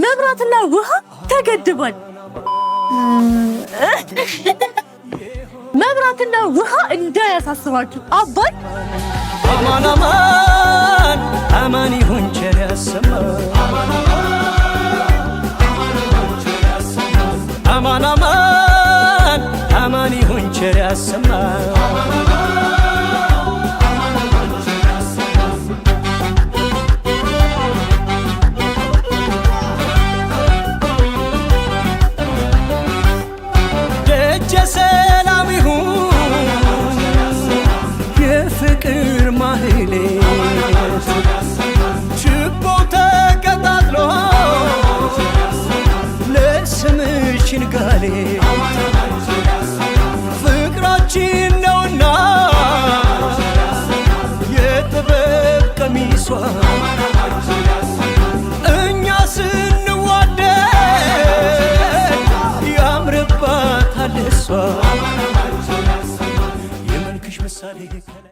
መብራትና ውሃ ተገድቧል። መብራትና ውሃ እንዳያሳስባችሁ አባይ አማን አማን አማን ይሁን ቸር ያሰማን አማን አማን አማን ይሁን ቸር ያሰማ የፍቅር ማህሌ ችቦ ተቀጣጥሎ ለስምሽ ይንጋል ፍቅራችን ነውና የጥበብ ቀሚሷ እኛ ስንዋደ ያምርባታል እሷ የመልክሽ ምሳሌ